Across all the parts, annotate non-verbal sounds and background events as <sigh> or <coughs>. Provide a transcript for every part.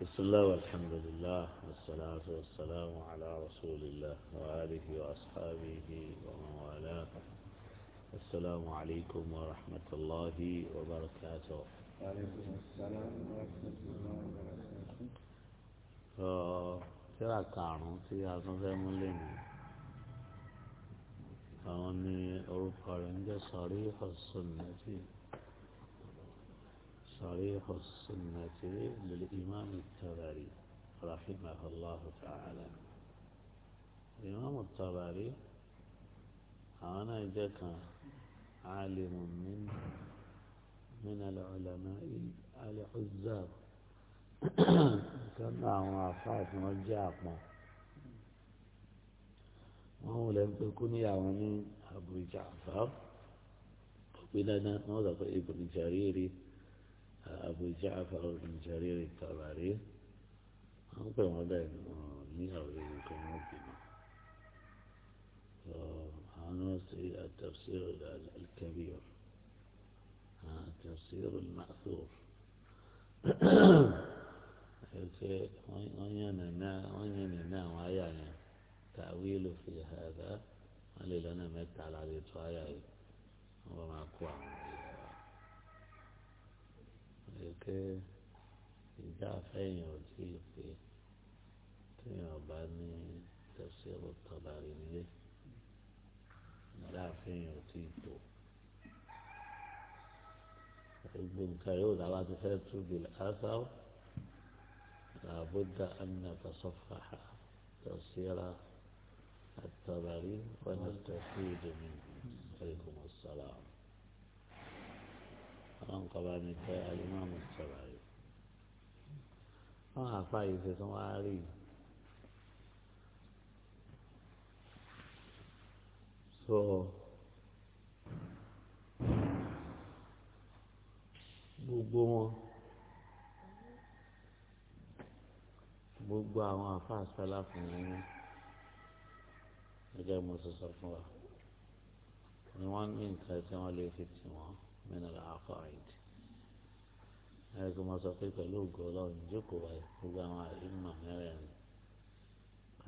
بسم الله والحمد لله والصلاة والسلام على رسول الله وآله وأصحابه ومن والاه السلام عليكم ورحمة الله وبركاته وعليكم السلام ورحمة الله وبركاته آه، ترى كانوا في هذا الملم أني عند صريح السنة صريح السنة للإمام التبري رحمه الله تعالى الإمام التبري أنا إذاك عالم من من العلماء العزاب <coughs> كان معه أصحاب ما هو لم تكن يعني أبو جعفر وبلنا نوضع ابن جريري أبو جعفر بن جرير الطبري àwọn pè wọ́n هو التفسير الكبير التفسير المأثور وين وعيانا تأويل في هذا قال لنا مت على هذه الآية وما قوى ṣe pé ìjà afẹ́yìn ò tí ì pé téèyàn ọba ní tẹ̀síọ̀rọ̀ tọ́ba rè nílé ìjà afẹ́yìn ò tí ì tó. ابن كيود أن نتصفح تفسير الطبري ونستفيد منه عليكم السلام ọlọ́run kọ́ bá ní pẹ́ alimami sọ̀rọ̀ ayé wọ́n àfa yìí ṣe tún wáá rí i so gbogbo wọn gbogbo àwọn àfa àṣálà fún wọn gẹ́gẹ́ mo ṣe sọ fún wa ni wọ́n ní nǹkan tí wọ́n lè fi tì wọ́n. من العقائد هيك ما تقيت لوك ولا ينجكو باي وقام على إمام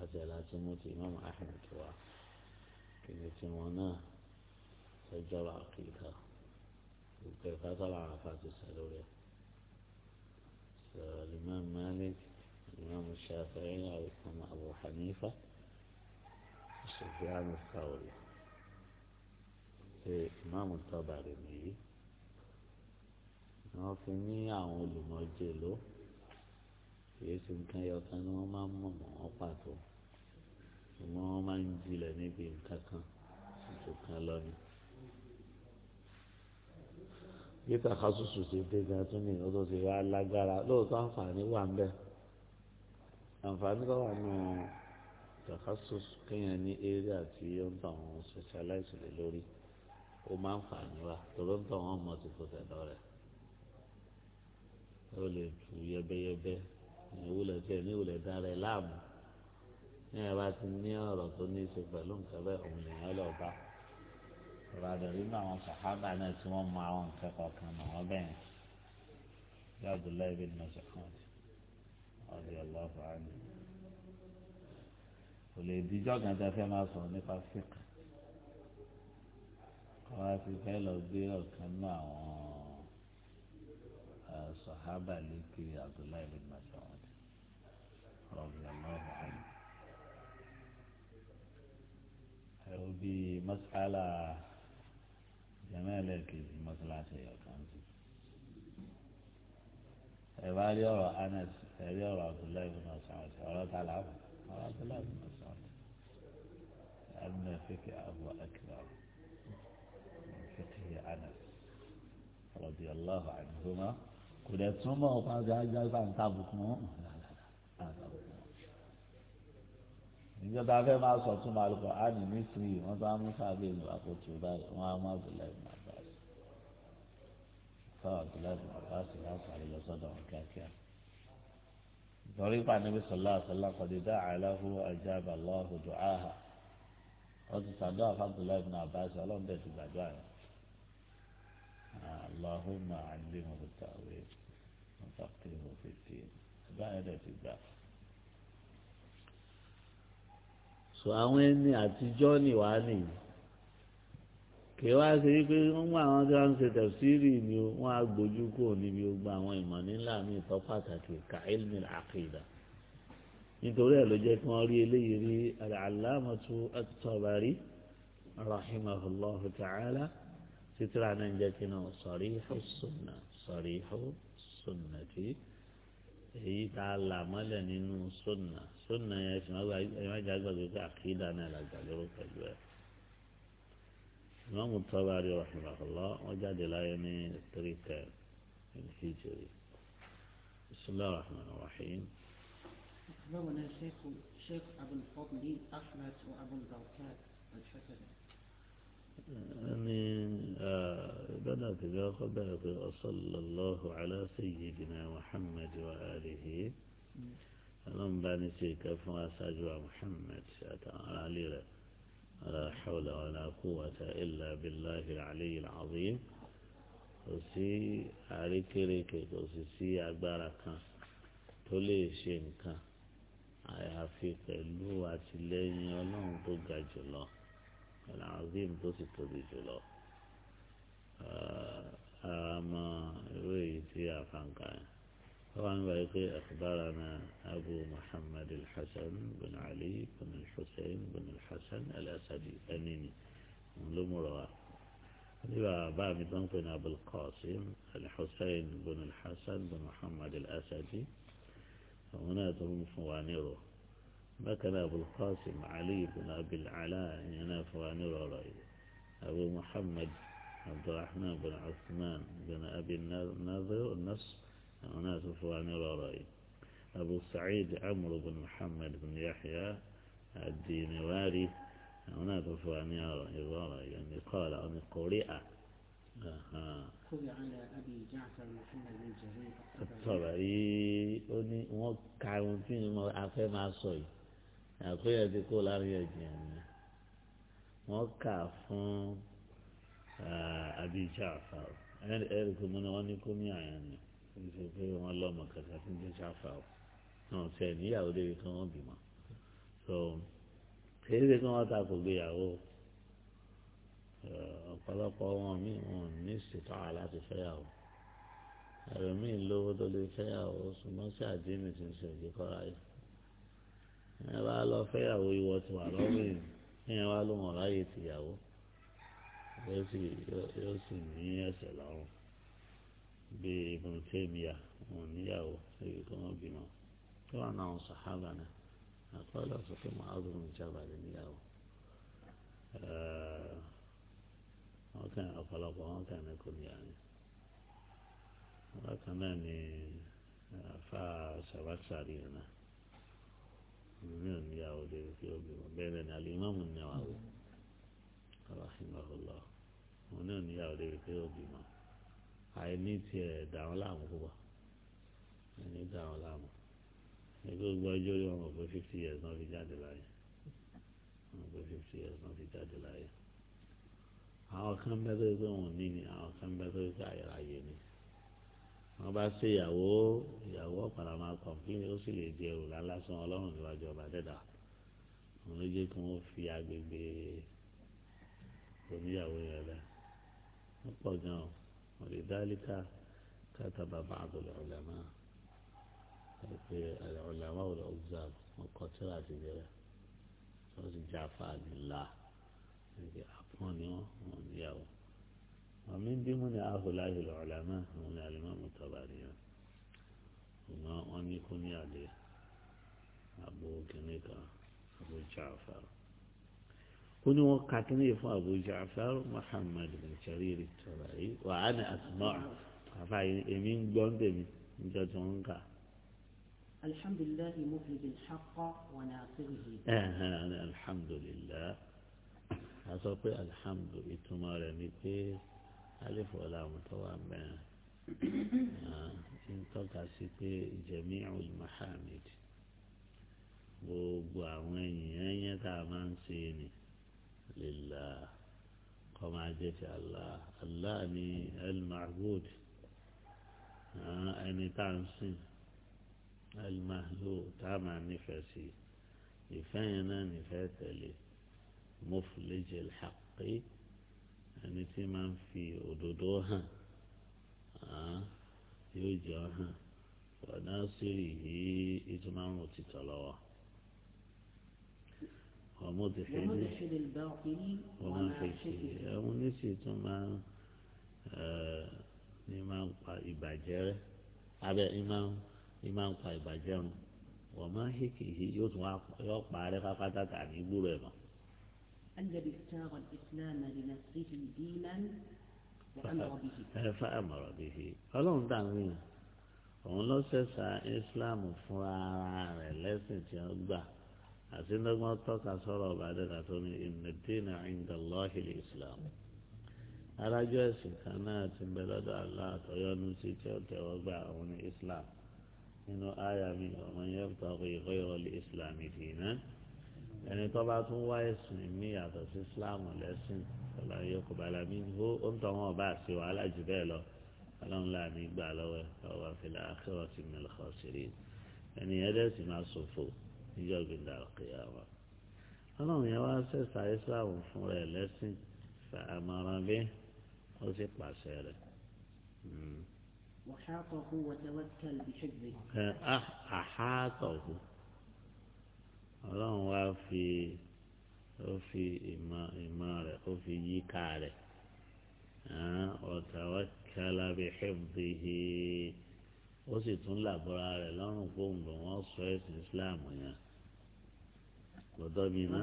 حتى لا تموت إمام أحمد توا كنت تمونا سجل عقيدة وكيف طلع عفات السلولية الإمام مالك الإمام الشافعي عليكم أبو حنيفة سفيان الثوري ṣe ìmáàmù Tọ́bárì nìyí wọ́n fi ní àwọn olùmọ̀jẹ̀ ló kìí ṣe nǹkan ẹyọ kan ni wọ́n máa ń mọ̀ mọ́ wọn pàtó ṣùgbọ́n wọ́n máa ń jilẹ̀ níbi nǹkan kan ètò kan lọ ni. gítà kásùsù ti dé gan tún ní ìnáwó tó ti wá lágbára lóòótọ́ àǹfààní wà ń bẹ àǹfààní tó wà nù tàkásùsù kéèyàn ní eré àti yóò wọn specialize lé lórí ó máa ń fà ní wa tòró ń tọ̀ wọ́n mọ̀ sí fòfẹ́ lọ rẹ̀ ó lè tu yẹbẹyẹbẹ ìwúlẹ̀ tiẹ̀ ní ìwúlẹ̀ dára ẹ̀ láàmú ní ẹ bá ti ní ọ̀rọ̀ tó ní í ṣe pẹ̀lú nǹkan bẹ́ẹ̀ òun lèèyàn lọ bá ọ̀rọ̀ àdàrí nínú àwọn sàhábà náà tí wọ́n mọ àwọn nǹkan kọ̀ọ̀kan mọ̀ wọ́n bẹ́ẹ̀ bí Abdullahi bin Mas'ud radiyallahu anhu kò lè díjọ́ kan tẹ́ fẹ́ máa sọ̀rọ̀ nípa fíkà. wọ́n á ti fẹ́ lọ gbé ọ̀kan náà àwọn sọ̀hábà lékè Abdullahi bin Mas'ud radiyallahu anhu. ẹ̀rọ bíi mas'ala jẹ́mẹ́lẹ̀ kejì mọ́sálásí ọ̀kan sí. ẹ̀rọ á rí ọ̀rọ̀ Anas ẹ̀rí ọ̀rọ̀ Abdullahi bin Mas'ud ọ̀rọ̀ tààlà ọ̀rọ̀ Abdullahi bin Mas'ud. أن فيك أبو أكبر rọ̀bì ọlọ́run àdúgbò kò dẹ̀ túmọ̀ pàṣẹ ajáfà ń tàbùkù wọn níjọba afẹ́ máa sọ tún máa lùkọ́ á ní nísìnyí wọ́n bá mú sábẹ́ ìlú àkótó báyìí wọ́n á má bẹ̀rẹ̀ ìmọ̀ àbáyé fáwọn abdullahi bin abbas láti àlejò sọ́dọ̀ wọn kíákíá lórí pàdé اللهم علمه التأويل وفقهه في الدين بعد في البحث sọ àwọn ẹni àtijọ́ ni wàá nìyí kì í wá ṣe wípé wọ́n mú àwọn tí wọ́n ń ṣe tẹ̀síìrì ni wọ́n á gbójú kúrò níbi gbogbo àwọn ìmọ̀ nílà ní ìtọ́ pàtàkì ka ilmi al nítorí ẹ̀ ló jẹ́ kí wọ́n rí eléyìí rí al-allamatu at-Tabari rahimahullahu ta'ala. تطلع عندنا صريح السنة صريح السنة هي تعلم لنا سنة سنة يا شما ما جاك بقى عقيدة أنا لا جاك كجوا ما متصوري رحمه الله وجد لا يعني طريقة الهجرة بسم الله الرحمن الرحيم أخبرنا الشيخ الشيخ أبو الفضل أحمد وأبو الدركات الحسن أني بدأت بأخبرك وصلى الله على سيدنا محمد وآله اللهم بني سيك فما محمد علي لا حول ولا قوة إلا بالله العلي العظيم وسي عليك ريك وسي أكبرك تولي شينك àyàfi pẹ̀lú àtìlẹ́yìn ọlọ́run tó ga jùlọ. العظيم tó sì جلو أما àmọ́ ìwé yìí tí طبعا بقى أخبارنا أبو محمد الحسن بن علي بن الحسين بن الحسن الأسدي أنيني من المروة يبقى بعد ممكن أبو القاسم الحسين بن الحسن بن محمد الأسدي هنا تهم فوانيرو بكنا أبو القاسم علي بن أبي العلاء ينافعني رأي أبو محمد عبد الرحمن بن عثمان بن أبي الناظر النص ينافعني رأي أبو سعيد عمرو بن محمد بن يحيى الدين الدينواري ينافعني رأي يعني قال أن قرئ خذ على أبي جعفر محمد بن جرير الطبري ó ní wọ́n ka ohun àkóyọ̀ ti kó láríyànjiyàn ni wọ́n kà fún abijá àfàw ẹ̀rí kò mọ́ ni wọ́n ní kó ní àyàn ni kò sí pé wọ́n lọ́mọ kankan tí ń jẹ́ náà sẹ́ níyàwó débi kí wọ́n bímọ so kìí ṣe kí wọ́n ta kò gbéyàwó ọ̀pọ̀lọpọ̀ wọn mi wọn ní ìsìtọ́ àláti fẹ́yàwó ẹ̀rọ mi lówó tó lè fẹ́yàwó ṣùgbọ́n sí àdínì ti ń ṣe òjì kọ́ra yìí ẹ wá lọ fẹ́yàwó ìwọ ti wà lọ́rùn yìí ẹ̀yìn wá lóhùn ọ̀ráyè tìyàwó yóò sì yóò sì ní ẹsẹ̀ lọ́rùn bíi ibùn tèmíà wọn níyàwó ẹbí kọ́ wọn bímọ tí wọn náà ń sàhábà náà àkọọ́lẹ̀ sọ pé màálù ń jábà lé níyàwó wọn kàn ọ̀pọ̀lọpọ̀ wọn kàn ní kò níyà ni bákan náà ni àfa sàbàṣàrí náà mìíràn ní àwọn òde tí ó bímọ bẹ́ẹ̀ ni alimọ́mù ní àwọn àwò aláhìmọ́lọ́ òun náà ní àwọn òde tí ó bímọ àìní tiẹ̀ dàrún láàmú púpọ̀ àìní dàrún láàmú ẹgbẹ́ gbọ́ ẹjọ́ rí wọn pé fifty years náà fi jáde láyé wọn pé fifty years náà fi jáde láyé àwọn kan bẹ́ẹ̀ tó yẹ pé wọn ò ní ni àwọn kan bẹ́ẹ̀ tó yẹ pé àyàrá ni wọ́n bá ṣe ìyàwó ìyàwó ọ̀padà máa kọ̀m̀pín ó sì lè di ẹrù lásán ọlọ́run níwájú ọba dẹ́dà àwọn ló jẹ́ kí wọ́n fi agbègbè oníyàwó yẹn rẹ̀ wọ́n pọ̀ gan-an wọ́n lè dá líka kátàbà bá àbọ̀lẹ̀ ọ̀làmá pé ọ̀làmá ò lọ gbà wọ́n kọ́ tíra ti bẹ̀rẹ̀ wọ́n sì já fáàlì ńlá àpọ́n ni wọ́n wọ́n níyàwó. ومن ضمن هؤلاء العلماء هم الإمام الطبري وما أن يكون يدي أبو كنيكا أبو جعفر كن وقعتني أبو جعفر محمد بن شرير الطبري وأنا أسمع فإمين جندمي جاتونكا الحمد لله مخرج الحق وناصره آه الحمد لله أصبح الحمد إتمارني إيه alif ọ̀làmù tó wà mẹ́rin ah, ti ń tọ́ka sí pé jẹ̀mí ọ̀l mahamid gbogbo àwọn ènìyàn yẹn tá a máa ń ṣe ni lèlà kọ́ máa jẹ́ ti Allah Allah ni el ah, ẹni tá a ń sìn el tá a máa nífẹ̀ẹ́ sí ìfẹ́ yẹn náà nífẹ̀ẹ́ tẹ̀lé muflij al ẹni tí máa ń fi òdodo hàn yóò jẹ́ hàn wọ̀nà sírì yìí ìtumọ̀ àwọn òtítọ́ lọ́wọ́. ومدحض الباطل وماحشه àwọn oníṣe tó máa ní máa ń pa ìbàjẹ́ rẹ abẹ́ ní máa ń pa ìbàjẹ́ run wọ́n máa ń hìkì yìí yóò tún wá yọ pa rẹ pápátá tàbí gbúrò ẹ̀ mọ́. الذي اختار الإسلام لنفسه دينا وأمر به فأمر به فلون دعوين فلون لو سيسا إسلام فرارا لسن جنبا أسين دقم أطلق أصور بعد إن الدين عند الله الإسلام أرجو أسين كما أسين بلد الله تيونو سيتيو تيوبا أوني إسلام إنه آية من ومن يبتغي غير الإسلام دينا ẹni tó bá tún wá ẹ̀sìn ní yàtọ̀ sí islam lẹ́sìn ọlọ́run yóò kó bala mi ó ń tọ́ wọn bá ṣe wàhálà jù bẹ́ẹ̀ lọ ọlọ́run láàmì gbà lọ́wọ́ ọwọ́ àfẹlẹ́ akẹ́wọ̀ sí mi lọ́kọ̀ sírí ẹni ẹ̀dẹ́ sì máa ṣòfò níjọ́ gbìndà ọ̀kẹ́yà wọn. ọlọ́run yẹn wá ṣẹ̀ṣà islam fún rẹ̀ lẹ́sìn fàmọ́ràn bí ó sì pàṣẹ rẹ̀. وحاطه وتوكل بحفظه أحاطه ọlọ́run wá fi ó fi ìmọ̀ ìmọ̀ rẹ̀ ó fi yí ká rẹ̀ ọ̀tàwákàlà bíi hifzihi ó sì tún làbọ́ra rẹ̀ lọ́rùn fóun lò wọ́n sọ ẹ̀sìn Islam yẹn lọ́dọ̀ mi ná.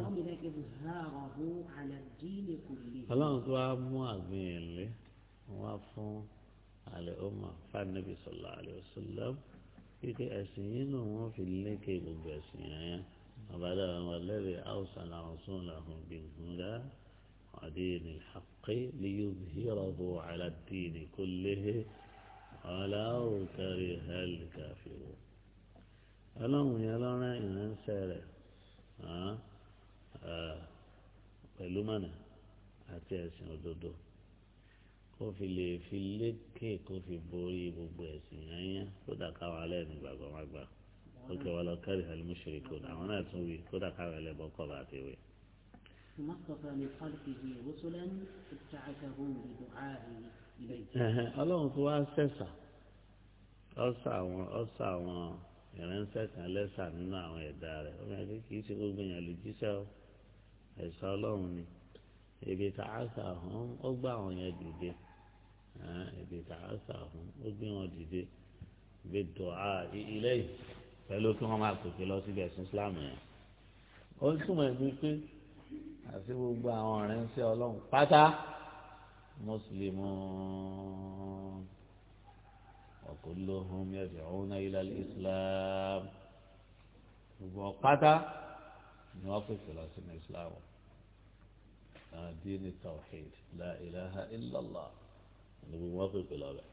ọlọ́run tó wá mú àgbìn ẹ̀lẹ́ wá fún alẹ́ ọmọ fanabi sallallahu alaihi wasallam pípé ẹ̀sìn yìí náà wọ́n fi lékè gbogbo ẹ̀sìn yẹn. وبعدها والذي أرسل رسوله بالهدى ودين الحق ليظهره على الدين كله ولو كره الكافرون ألم يرون إن سيره ها آه. pẹ̀lú mọ̀nà àti ẹ̀sìn òdodo kó fi كوفي بوري lékè kó fi borí gbogbo ẹ̀sìn ọkẹ wa lọ kárí alimusiri kò àwọn náà tún wí kódà káwọn ẹlẹbọ kọ bá ti wí. ọlọ́run tó wá sẹ̀sà ọ̀sà àwọn ọ̀sà àwọn ìránṣẹ́ kan lẹ́sà nínú àwọn ẹ̀dá rẹ̀ ọmọ ẹgbẹ́ kì í ṣe gbogbo èèyàn lè jíṣẹ́ o ọlọ́run ni èbè tààsà hàn ó gbà wọn yẹn dìde èbè tààsà hàn ó gbé wọn dìde èbè dọ̀ á ilé yìí pẹ̀lú kí wọ́n máa pèpè lọ síbi ẹ̀sìn Islam yẹn ó túmọ̀ ẹ̀mí pé àti gbogbo àwọn ọ̀rẹ́ ń sẹ́ ọlọ́run pátá mùsùlùmí ọ̀kúnlóhùn yẹ̀dẹ̀ ọ̀hún náà ilẹ̀ Islam gbogbo pátá ni wọ́n pèsè lọ sínú Islam àdínì tawhid la ni gbogbo wọ́n pèsè lọ bẹ́ẹ̀.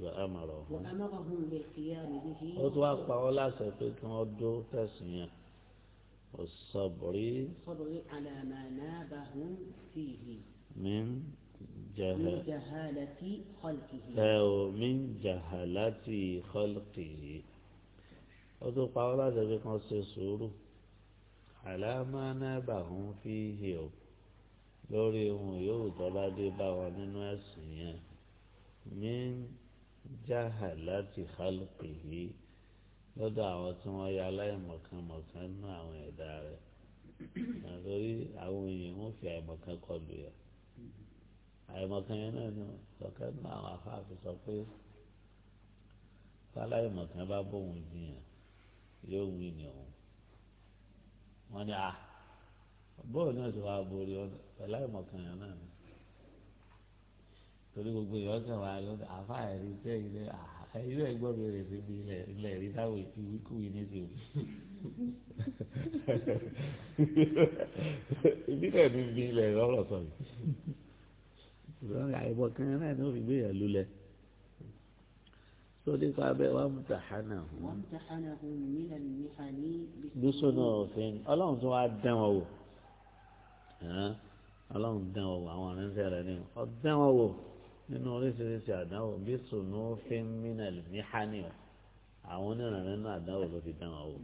وأمرهم وأمرهم بالقيام به وتوقعوا لا سفيكم ودو تسمية والصبر صبر على ما نابهم فيه من جهل جهالة خلقه أو من جهالة خلقه وتوقعوا لا سفيكم سيسوروا على ما نابهم فيه lórí ohun yòówù tó bá dé bá wọn jahalati khalqihi lọ́dọ̀ àwọn tí wọ́n ya aláìmọ̀kànmọ̀kàn nínú àwọn ẹ̀dá rẹ̀ àtòrí àwọn èèyàn wọ́n fi àìmọ̀kàn kọlù yẹ àìmọ̀kàn yẹn náà ni ọ̀kẹ́ nínú àwọn afáàfin sọ pé fáláìmọ̀kàn bá bóun jiyàn yóò wí ni òun wọ́n ní à ah, bóun náà ti wá borí ọ̀nà fáláìmọ̀kàn yẹn náà ni torí gbogbo ìyọ́sìn wa ló ń àfa ẹ̀rí tẹ́ ilé ilé ẹ̀gbọ́n mi rè síbi ilẹ̀ ilẹ̀ rí táwọn èsì wíkúwì ní ti òbí. ìbílẹ̀ mi bí ilẹ̀ lọ́rọ̀ sọ̀rọ̀ ìrọ̀rùn àìbọ̀ kan náà ni ó fi gbéyàn lulẹ̀ tó nípa abẹ́ wa mú tàhánà hùn. bísọ̀nà òfin ọlọ́run tó wá dán wọn wò ọlọ́run dán wọn wò àwọn aránṣẹ́ nínú oríṣiríṣi àdáwò bí sùnú fi ń mí náà ní hání o àwọn onírànà nínú àdáwò ló fi dáhùn o.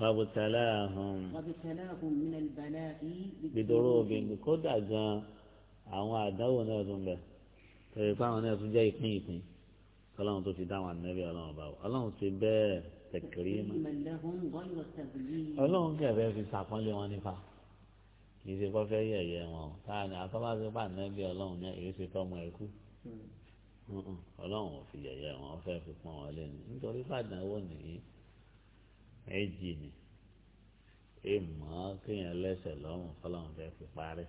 wàbùtàláhùn gbèdúró obìnrin kódà gan àwọn àdáwò náà tún bẹ tẹ̀lé fáwọn náà tún jẹ́ ìpín ìpín kọ́láwọn tó fi dáhùn ànábì ọlọ́run bá wọn ọlọ́run ti bẹ́ẹ̀ tẹ̀kìrì mọ́ ọlọ́run kẹ̀kẹ́ fi sàpọ́nlé wọn nípa kì í ṣe kọ́ fẹ́ yẹ̀yẹ́ wọn o táà ní àtọ́bàṣe pà nẹ́bí ọlọ́run ní èyí ṣe tọ́mọ ẹ̀kú hmm. ọlọ́run ò fi yẹ̀yẹ́ wọn fẹ́ fi pọ́n wọn lé ní nítorí fàdánwò nìyí méjì ni èèmọ̀ kéèyàn lẹ́sẹ̀ lọ́rùn kọ́lọ́run fẹ́ fi parí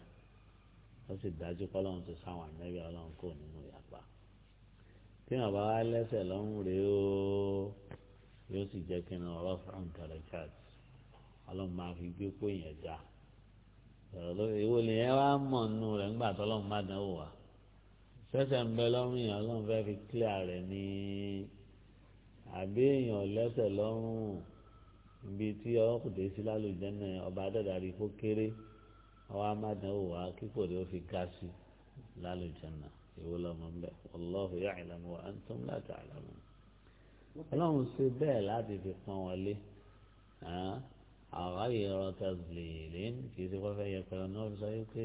ó sì dájú kọ́lọ́run ti sáwọn ànẹ́bí ọlọ́run kò nínú ìyàpá kéèyàn bá wá lẹ́sẹ̀ lọ́rùn rèé o yóò sì jẹ́ kí n ọlọ́fà ń kẹrẹ ọlọ́run máa fi gbé kó yẹn já ìwọ nìyẹn wá mọ̀ nù rẹ̀ ńgbà tó lọ́n má dán wò wá sẹ́sẹ̀ ń bẹ lọ́rùn èèyàn lọ́n fẹ́ fi kílíà rẹ̀ ní àbí èèyàn lẹ́sẹ̀ lọ́rùn ibi tí ọkùnrin sí lálùjẹ́ náà ọba adẹ́dàrí kó kéré ọwọ́ má dán wò wá kíkò rẹ̀ ó fi ká sí lálùjẹ́ náà ìwọ lọ́mọ ń bẹ wallahu ya'lamu wa antum la ta'lamun ọlọ́run ṣe bẹ́ẹ̀ láti fi pọ́n wọlé غير تضليل في سبب يقول النور سيك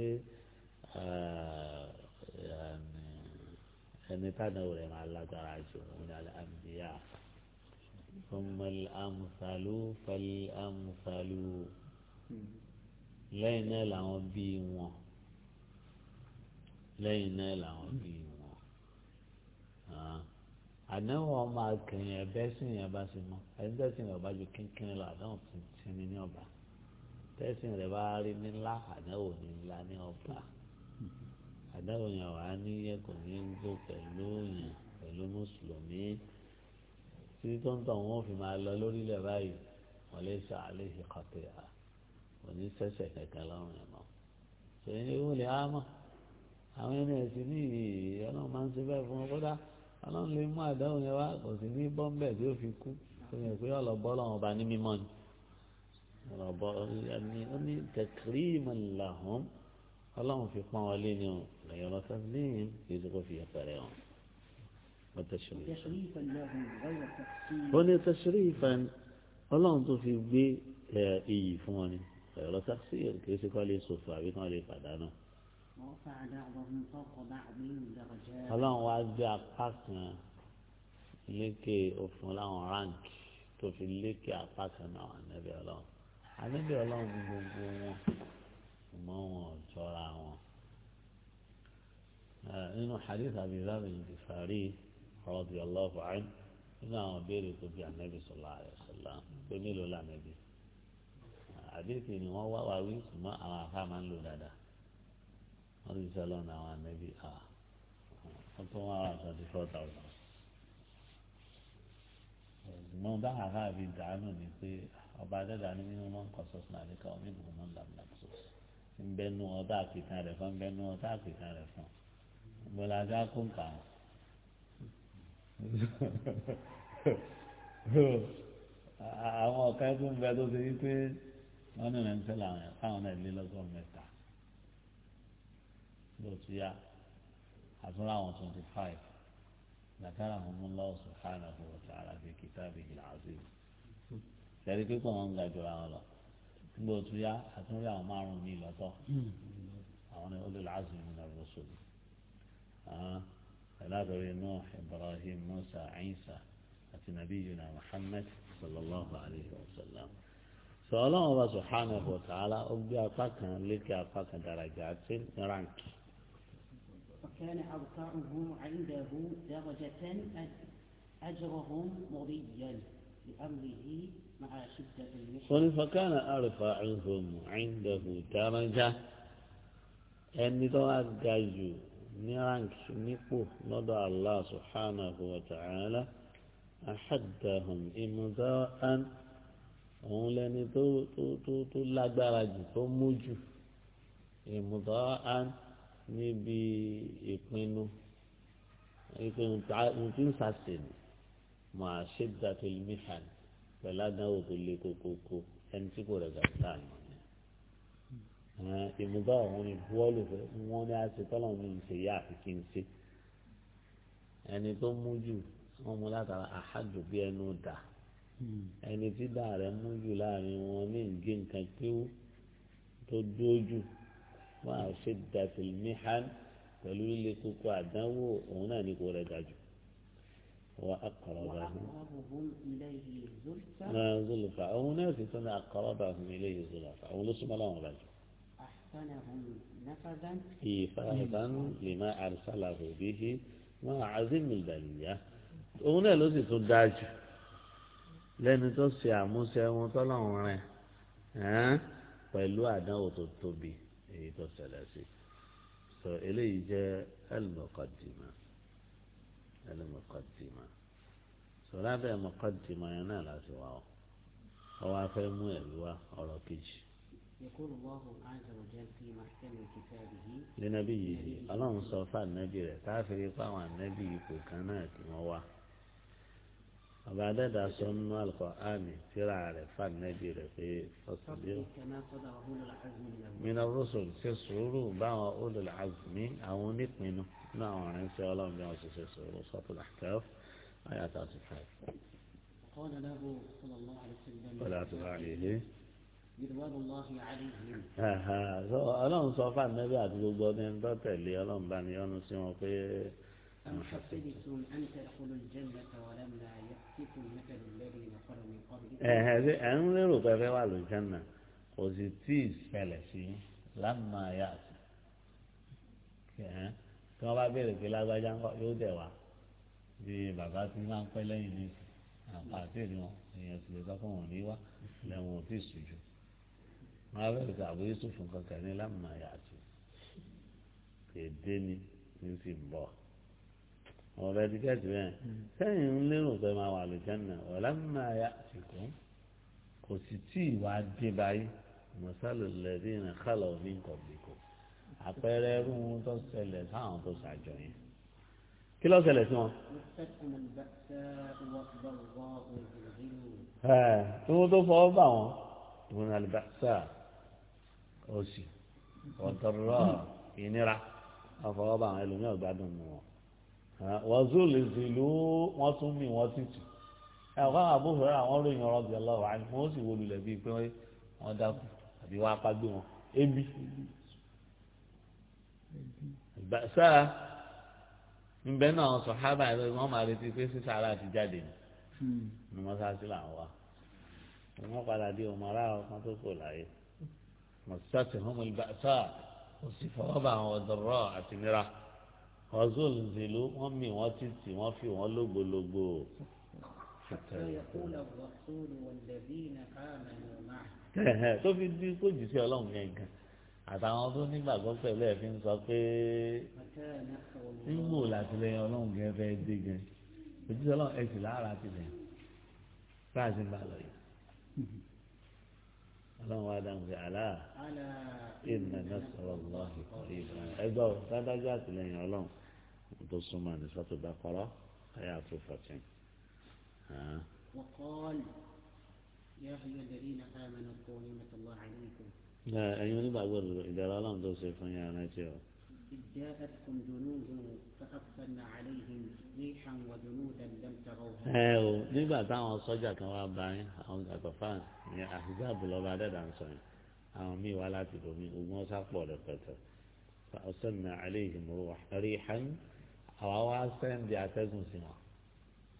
يعني أن تنور مع الله تعالى من الأنبياء ثم الأمثل فالأمثل لين لهم بيمو لين لهم بيمو آه àdéhùn ọmọ akẹ́yìn ẹ̀bẹ́ sì yẹn bá sì mọ́ ẹni tẹ́sìn rẹ̀ bá ju kínkínní lọ àdéhùn tuntun ní ní ọba tẹ́sìn rẹ̀ bá rí ní ńlá àdéhùn ní ńlá ní ọba àdéhùn yẹn wà á níyẹ kò ní í gbó pẹ̀lú yẹn pẹ̀lú mùsùlùmí títí tó ń fi máa lọ lórílẹ̀ báyìí wọ́n lè sọ àlè fi kọ́tẹ́ à kò ní sẹ́sẹ̀ kẹ̀kẹ́ lọ́rùn yẹn mọ́ ṣèyí ni wọ́n lè á mọ̀ àwọn ẹni ẹ̀sìn ní ìyẹn náà máa ń ṣe bẹ́ẹ̀ fún ọ ọlọ́run lè mú àdáhùn yẹn wá kò sí ní bọ́m̀bẹ̀ tí ó fi kú ó yẹ pé ọlọ́bọ́ ọlọ́run ọba ní mímọ́ ni ọlọ́bọ́ ẹni ó ní tẹkírìmù làhùn ọlọ́run fi pọ́n wọlé ni o lẹ́yìn ọlọ́sẹ̀ lẹ́yìn kì í ṣe kó fi ẹ̀pẹ̀rẹ̀ hàn. ó ní tẹ̀sírífà ọlọ́run tó fi gbé iyì fún wọn ni ọlọ́sẹ̀ kì í ṣe lè sòfò àbí kó lè pàdánù ọlọ́run wá gbé apá kan lékè òfin láwọn ránkì tó fi lékè apá kan náà ànábì ọlọ́run ànábì ọlọ́run gbogbo wọn mọ wọn jọra wọn. nínú hadith Abi Dharr al-Ghifari radiyallahu anhu nínú àwọn béèrè tó bí ànábì sallallahu alaihi wasallam pé mélòó lànàbì àdéhùn ni wọ́n wá wá wí ṣùgbọ́n àwọn afá máa ń lò dáadáa wọ́n ti sẹ́ lọ́nà àwọn ànábì à wọ́n tó wọ́n ara twenty four thousand. ṣùgbọ́n bá àhá àbí dàánù ni pé ọba adẹ́dà ni mímú máa ń kọ́ sọ́sọ́ náà ní káwọn mímú máa ń làmúlà sọ́sọ́ ń bẹ́nu ọ̀tá àpìkan rẹ̀ fún ń bẹ́nu ọ̀tá àpìkan rẹ̀ fún ìgbọ́lá ajá kó ń kà <laughs> àwọn ọ̀ka ẹ̀kú ń bẹ tó ṣe wípé wọ́n ní ìrẹsẹ̀ làwọn ẹ̀ fáwọn ẹ̀ lé lọ́gọ́rùn-ún lóòtú yá àtúnrà àwọn twenty five zakara humnullah subhanahu wa ta'ala fi kitabihil azim sẹ́rí pípọ̀ wọn ń ga jura wọn lọ lóòtú yá àtúnrà àwọn márùn-ún mi lọ́tọ̀ àwọn ni olùlọ azim minar rusul ẹ̀làdọ̀rẹ́ sọlọ́wọ́n ó gbé apá kan lékè apá kan àti وكان أبكارهم عنده درجة أجرهم مريا لأمره مع شدة المحنة فكان أرفعهم عنده درجة أن دواد جاجو نرانك نقو نضع الله سبحانه وتعالى أحدهم إمضاء أن لن تو تو تو تو لا درجة تو موجو إمضاء níbi ìpinnu ìpinnu tí ń sàṣèlú màá ṣe dàtòlì mìhàn pẹ̀lú àdánwò tó le kókókó ẹni tí kò rẹ̀ gàdá àná ìmúgbà òun ni bọ́ọ̀lù fẹ́ wọ́n ní àṣetọ́lọ̀ mi ń ṣe yá àfi kí n ṣe ẹni tó mú jù wọ́n mú látara àhájò bí ẹnu dà ẹni tí dà rẹ̀ mú jù láàrin wọn ní ìgé nǹkan tó dójú máa ṣe dàtìlmíhàn pẹ̀lú líle kókó àdánwò òun náà ní kó rẹ̀ dájú. wà á kọ̀rọ̀ bá fún un. zulufa òun náà sì tún ní àkọ́rọ̀ bá fún ilé yìí zulufa òun ló súnmọ́ láwọn bàjẹ́. ìfàdán lè má àrísàlà kò bí i máa àzìmì ìdàlùyà òun náà ló sì tún dájú lẹ́ni tó ṣe àmúṣe wọn tọ́lọ́run rẹ̀ pẹ̀lú àdánwò tó tóbi èyí tó ṣẹlẹ̀ sí so eléyìí jẹ́ al-muqaddima al-muqaddima so lábẹ́ muqaddima yẹn náà láti wá ọ ọwọ́ afẹ́ mú ẹ̀rí wá ọ̀rọ̀ kejì. يقول الله عز وجل في محكم كتابه لنبيه الله صفى النبي تعرف يقع النبي كنات وواه ọba adẹ́dà sọ nínú Al-Qur'ani tíra rẹ̀ fànẹ́bí rẹ̀ pé fọ́sibíò minal rusul ṣe sùúrù báwọn ulul azmi àwọn onípinnu náà àwọn ọ̀rẹ́ ń ṣe ọlọ́run bí wọ́n ṣe ṣe sùúrù Suratul Ahqaf àyà thirty five. ọ̀là tó bá rí ilé. ọlọ́run sọ fànẹ́bí àti gbogbo ọdún tó tẹ̀lé ọlọ́run bá ní ọ̀nù sí wọn pé. أم حسبتم أن تدخلوا الجنة ولما يأتكم مثل الذين خلوا من قبلكم هذه أنظروا بغير الجنة positive فلسي لما يأتي كما wọ́n كلا béèrè pé lágbájá ńkọ́ yóò dẹ̀ wá bí bàbá ti máa ń pẹ́ lẹ́yìn ní àpá àtẹ̀lé wọn èèyàn sì lè sọ fún wọn ní wá lẹ́wọ̀n òfin ìṣújú wọ́n á bẹ̀rẹ̀ pé àbúrò yusuf ní lámàyà àti èdè ni ní sì ń ọ̀rọ̀ ẹtikẹ́tì bẹ́ẹ̀ hmm. sẹ́yìn ń lérò pé máa wà lùjánà ọ̀làmà ya àsìkò kò sì tí ì wá dé báyìí mọ̀sálù lẹ́bí ní kálọ̀ ní kọ̀bìkò àpẹẹrẹ ẹrú wọn tó ṣẹlẹ̀ sáwọn tó ṣàjọ yẹn kí ló ṣẹlẹ̀ sí wọn. ìwọ́n tó fọwọ́ bà wọ́n ìwọ́n àlùbáṣà òsì ọ̀dọ́rọ̀ ìnira ọ̀fọwọ́ bà wọ́n ẹlòmíràn gbádùn nù wọn wàzúùlì zìlú wọ́n tún mì wọ́n títì ẹ̀kọ́ àbúfẹ́rẹ́ àwọn ròyìn ọ̀rọ̀ bíi ọlọ́wọ́ àni wọ́n sì wọlé lẹ̀ bíi pé wọ́n dákú àbí wọ́n apá gbé wọn ebi sáà nbẹ náà wọn sọ hábà ẹ wọn máa retí pé sísá ara ti jáde ni wọn sá sí làwọn wa wọn padà di ọmọ ara wọn tó kò láyé mọ̀sísá ti hàn mọ́ ìgbà sáà ó sì fọwọ́ bá àwọn ọ̀dọ́rọ̀ àti nira wazol zilu wọn mi wọn títì wọn fi wọn lógbólógbó. tó fi di kó jù sí ọlọ́run yẹn gan àtàwọn tó nígbàgbọ́ pẹ̀lú ẹ̀ fi ń sọ pé nígbò làtìlẹ́yìn ọlọ́run gẹ́gẹ́ fẹ́ dé gan ojúṣe ọlọ́run ẹ̀ sì lára tìlẹ̀ báà sì ń bá lọ yìí ọlọ́run wa dáhùn sí àlá ìnà nasrullahi qarib ẹgbẹ́ ò dájú àtìlẹ́yìn ọlọ́run tó súnmọ́ ní sọ́tò bá kọ́rọ́ ها. وقال يا أيها الذين آمنوا اذكروا نعمة الله عليكم لا أيها الذين إذا لا لم توصفون يا نتيو إذ جاءتكم جنود فأرسلنا عليهم ريحا وجنودا لم تروها أيوه نبقى تعمل صجا كما باين أو أتفان يا أحزاب لو بعد عن صين أو مي ولا تبومي وما سافوا لفتة فأرسلنا عليهم روح ريحا àwa wá sẹ́ndì àtẹ́gùn sí wọn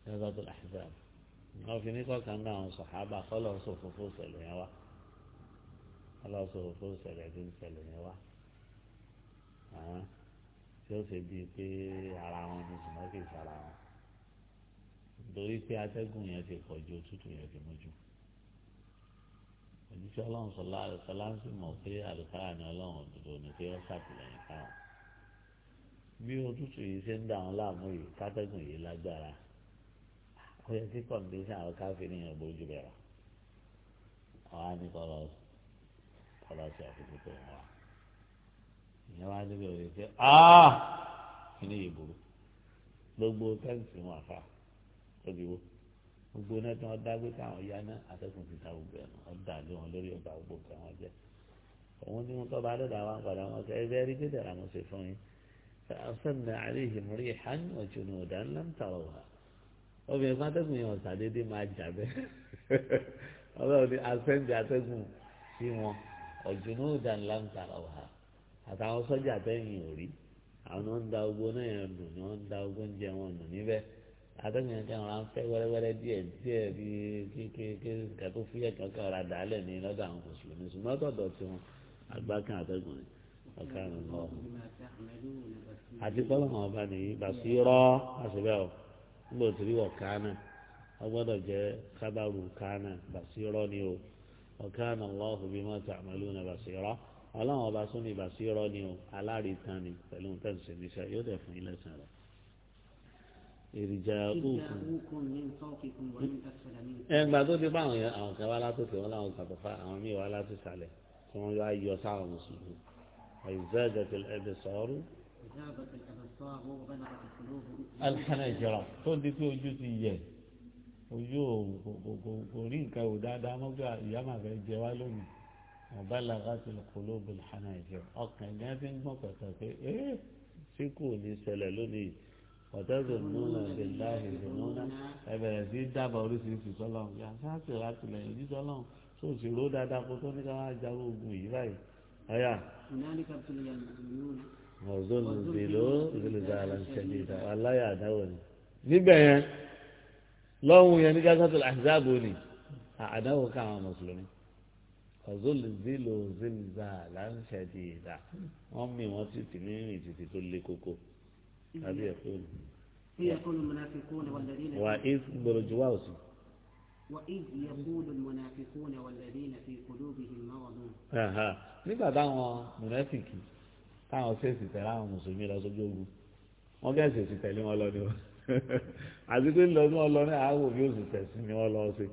lọ́dọ̀ tó làṣìṣẹ́ wọn fi ní kọ̀ọ̀kan náà àwọn sọ̀hábà kọ́lọ̀ sòfófó sẹ̀lẹ̀ yẹn wá kọ́lọ̀ sòfófó sẹ̀lẹ̀ tó ń sẹ̀lẹ̀ yẹn wá tí ó ṣe bíi pé ara wọn ni ṣùgbọ́n kì í sara wọn torí pé atẹ́gùn yẹn ti pọ̀ ju òtútù yẹn ti mú òjíṣẹ́ ọlọ́run sọlá àlùkò láǹsì mọ̀ pé àlùkò àná ọlọ́run òdòdó ni pé ó ṣàtìlẹ́yìn fáwọn bí òtútù yìí ṣe ń dà wọn láàmú yìí kátẹ́gùn yìí lágbára ó yẹ kí kọ̀ǹdíṣàn àwọn káfíìnì yẹn bójú bẹ̀rẹ̀ àwọn á ní kọ́lọ́ kọ́lọ́ sí àfikún tó ń wá ìyẹn wá níbi òye pé áá kíní yìí burú gbogbo tẹ́ǹtì wọn àfa lójúwó gbogbo náà tí wọ́n dágbé káwọn ya náà atẹ́gùn ti ta gbogbo ẹ̀ wọ́n dà lé wọn lórí ọba gbogbo káwọn jẹ òun ní wọn tọ́ فأرسلنا عليهم ريحا وجنودا لم تروها obìnrin kan atẹ́gùn yẹn ọ̀sà dédé máa jà bẹ́ẹ̀ ọlọ́run ní asẹ́ǹdì atẹ́gùn sí wọn ọ̀jùnú ìdánilá ń tara wà àtàwọn sọ́jà tẹ́yìn ò rí àwọn ń da ogbó náà yẹn dùn ni wọ́n ń da ogbó ń jẹ wọn nù níbẹ̀ atẹ́gùn yẹn kẹ́hìn ra ń fẹ́ wẹ́rẹ́wẹ́rẹ́ díẹ̀ díẹ̀ bí kékeré kẹ́kọ̀ọ́ fúyẹ́ kankan ra dàálẹ̀ ní lọ́dọ̀ àwọn mùsùlùmí ṣùgbọ́n tọ̀dọ̀ tiwọn agbákan atẹ́gùn ni ọ̀kàrùn náà àti pọ́lọ́mọ ọba nìyí bàṣí rọ́ àṣìbẹ́ ọ nígbà tí rí ọ̀kánà ọgbọ́dọ̀ jẹ́ kábàrù kánà bàṣí rọ́ ni o ọ̀kánà lọ́ọ̀fù bí wọ́n ti àmàlù ní bàṣí rọ́ ọlọ́run ọba sún ní bàṣí rọ́ ni o aláàrítàn ni pẹ̀lú tẹ̀sí níṣẹ́ yóò dẹ̀ fún ilẹ̀ sàn rẹ̀ èrìjà òkun ẹgbà tó ti bá àwọn kan wá látòkè wọn láwọn kàtọ́fà àwọn míì wá látòsàlẹ̀ tí wọ́n yọ ayọ̀ sáwọn mùsùlùmí. وازدادت الأبصار وذابت الأبصار وبلغت القلوب الحناجر tó di pé ojú ti yẹ̀ ojú kò rí nǹkan ò dáadáa mọ́ gbà ìyá máa fẹ́ jẹ wá lónìí وبلغت القلوب الحناجر ọkàn ní ẹni ń gbọ́n pẹ̀tẹ̀ pé ẹ́ sí kò ní ṣẹlẹ̀ lónìí ọ̀tẹ́sẹ̀ múnà bẹ̀láhì ìdùnnúnà ẹ̀bẹ̀rẹ̀ sí dábàá oríṣiríṣi sọ́lọ́n yàtọ̀ àti ìlàtìlẹ̀yìn jíjọ́lọ́n tó sì ró dáadáa kó tó ní ká wá jarú ogun yìí báyìí ọ̀yà. هنالك ابتلي المؤمنون وزلزلوا زلزالا شديدا والله يا داوني níbẹ̀ yẹn lọ́hùn yẹn ní gásàtò àzáàbò ni àdáwò káwọn mùsùlùmí ọ̀zọ́lùzílò zilza láǹṣẹ̀dì ìdá wọ́n mì wọ́n sì tì ní ìrìn títí tó lé koko tàbí ẹ̀kọ́ ni. wà á gbọ́dọ̀ jù wá òsì. وإذ يقول المنافقون والذين في قلوبهم مرض أها nígbà táwọn mùnáfìkì táwọn ṣèṣì tẹ̀lé àwọn mùsùlùmí lọ sójú ogun wọ́n kẹ́ ṣèṣì tẹ̀lé wọn lọ ni wọ́n <laughs> àti pé lọ sí wọn lọ ní tẹ̀sí ni wọ́n lọ sí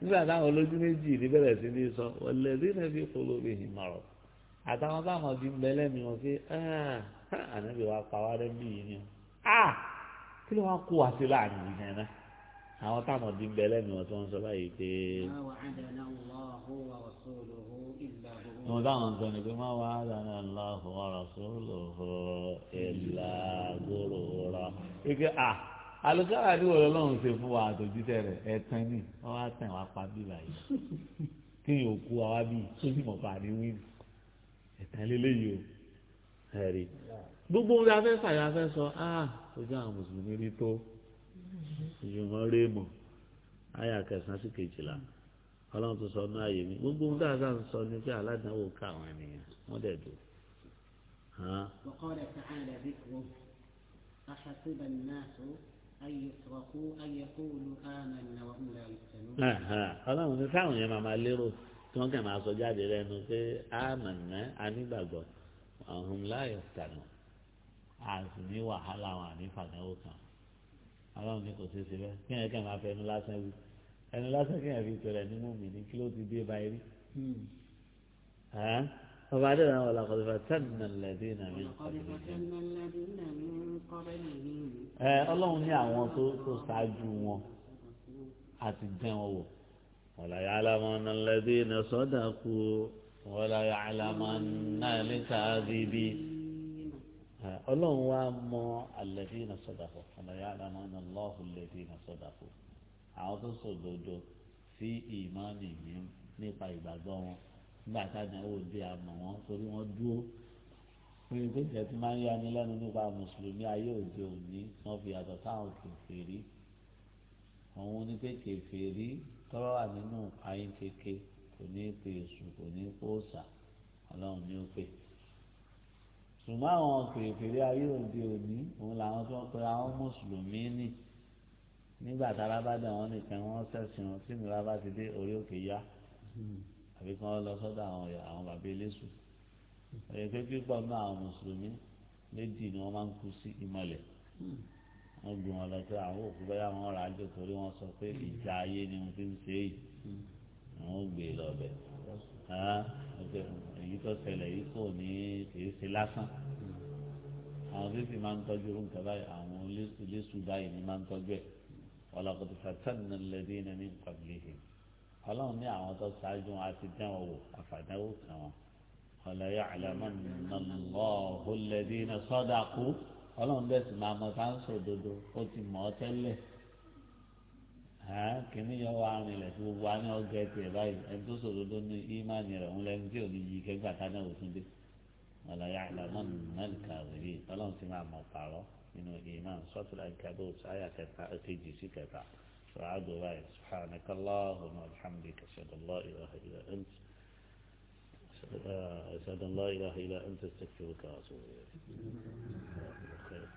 nígbà táwọn olójú méjì ní sí ní sọ والذين في قلوبهم مرض àtàwọn táwọn ti ń bẹ wọn pé ah, ànábì wa pa wá rẹ́ bí yìí ni ah, kí ló wá kó wa sí láàrin yìí náà àwọn táwọn ti ń bẹ lẹ́nu ọ̀tún wọn sọ báyìí pé. wọn táwọn sọ ni pé máa wà dáná Allahu wa rasuluhu illa ghurura. ike a ni wọlé Ọlọ́run ṣe fún wa àtòjútẹ rẹ ẹtàn ni wọn wá tàn wá pa bí báyìí kí yóò kú wa wá bí sójú mọ̀fà ní wíìlì ẹtàn lélẹ́yìí o ẹ̀rí gbogbo ohun tí a fẹ́ sàyà fẹ́ sọ ah ojú àwọn mùsùlùmí rí tó ìjùmọ̀ rémù àyà kẹsàn-án sí kejìlá ọlọ́run tó sọ ní ààyè mi gbogbo ohun dáadáa ń sọ ni pé aládàáwò ká àwọn ènìyàn wọ́n dẹ̀ dùn. وقال تعالى ذكره أحسب الناس أن يتركوا أن يقولوا آمنا وهم لا يفتنون. ọlọ́run ní káwọn yẹn máa máa lérò tí wọ́n kàn máa sọ jáde lẹ́nu pé àmàna anígbàgbọ́ ọ̀hún láyọ̀ tànà àti ní wàhálà àwọn ànífàdáwò kan ọlọ́run ní kò ṣeé ṣe bẹ́ẹ̀ kí ẹ̀ kẹ́ máa fẹ́ ẹnu lásán wí ẹnu lásán kí ẹ̀ fi tẹ̀lẹ̀ ní mọ́mì ní kí ló ti dé báyìí rí. ọba adéwà wọn la kọlifà tẹ́nà lẹ́dí nà mí. ẹ ọlọ́run ní àwọn tó ṣáájú wọn àti dán wọn wò wọ́n yà lámà nà lẹ́dí nà sọ́dà kú wọ́n yà lámà nà lẹ́tà àdìbí ọlọ́run wa mọ alẹ́bí iná sọ̀dàpọ̀ ọ̀nàyà àdámọ́ iná lọ́ọ̀hùn lẹ́bí iná sọ̀dàpọ̀ àwọn tó sòdodo sí ìmánì mi nípa ìgbàgbọ́ wọn nígbà táwọn ò dé àmọ́ wọn torí wọ́n dúró pé ìgbésẹ̀ tí máa ń yá ni lẹ́nu nípa mùsùlùmí ayé òde òní wọ́n fi yàtọ̀ táwọn kèfèrí òun ni pé kèfèrí tọ́rọ̀ wà nínú ayé kéke kò ní pe èṣù kò ní pòòsà ọlọ́run ní ó pè é ṣùgbọ́n àwọn kèrèkèrè ayé òde òní òun làwọn tó ń pe àwọn mùsùlùmí nì nígbà tára bá dé àwọn nìkan wọ́n ṣẹ̀sìn wọn tí nira bá ti dé orí òkè yá hmm. àbí kí wọ́n lọ sọ́dọ̀ àwọn àwọn bàbá eléṣù ẹ̀yẹ pé pípọ̀ náà àwọn mùsùlùmí méjì ni wọ́n máa ń kú sí ìmọ̀lẹ̀ hmm. wọ́n gbé wọn lọ pé àwọn òkú bẹ́yà wọn rà á torí wọ́n sọ pé ìjà ayé ni mo fi ń ṣe yìí àwọn hmm. ò gbé e lọ bẹ́ẹ̀ èyí tó ṣẹlẹ̀ yìí kò ní kìí ṣe lásán àwọn tó sì máa ń tọ́jú irú nǹkan báyìí àwọn oléṣù báyìí ni máa ń tọ́jú ẹ̀ ọlọ́kùnrin fatanna alladhina min qablihim ọlọ́run ní àwọn tó ṣáájú wọn á ti wò àfàdáwò kan wọn ọ̀la ya'lamanna Allahu alladhina sadaqu ọlọ́run bẹ́ẹ̀ sì máa mọ sáńsọ̀ òdodo ó ti mọ̀ ọ́ tẹ́lẹ̀ kìnìún yẹn wà rìn lẹ̀ tí gbogbo àná ọgẹ́ tiẹ̀ báyìí ẹni tó sọ̀rọ̀ ló ní ímánì rẹ̀ ń lẹ́nu tí ò ní yí kẹ́gbà táná òfin dé ọ̀làyà àlàmọ́ nàìjíríà kàwé yìí ọlọ́run ti máa mọ̀ pààrọ̀ nínú ìmọ̀ sọ́tùlá ìkàbọ̀ sáyà kẹta kejì sí kẹta sọ́hádùn báyìí subhanakallahumma wa bihamdika ashhadu ilaha ilaha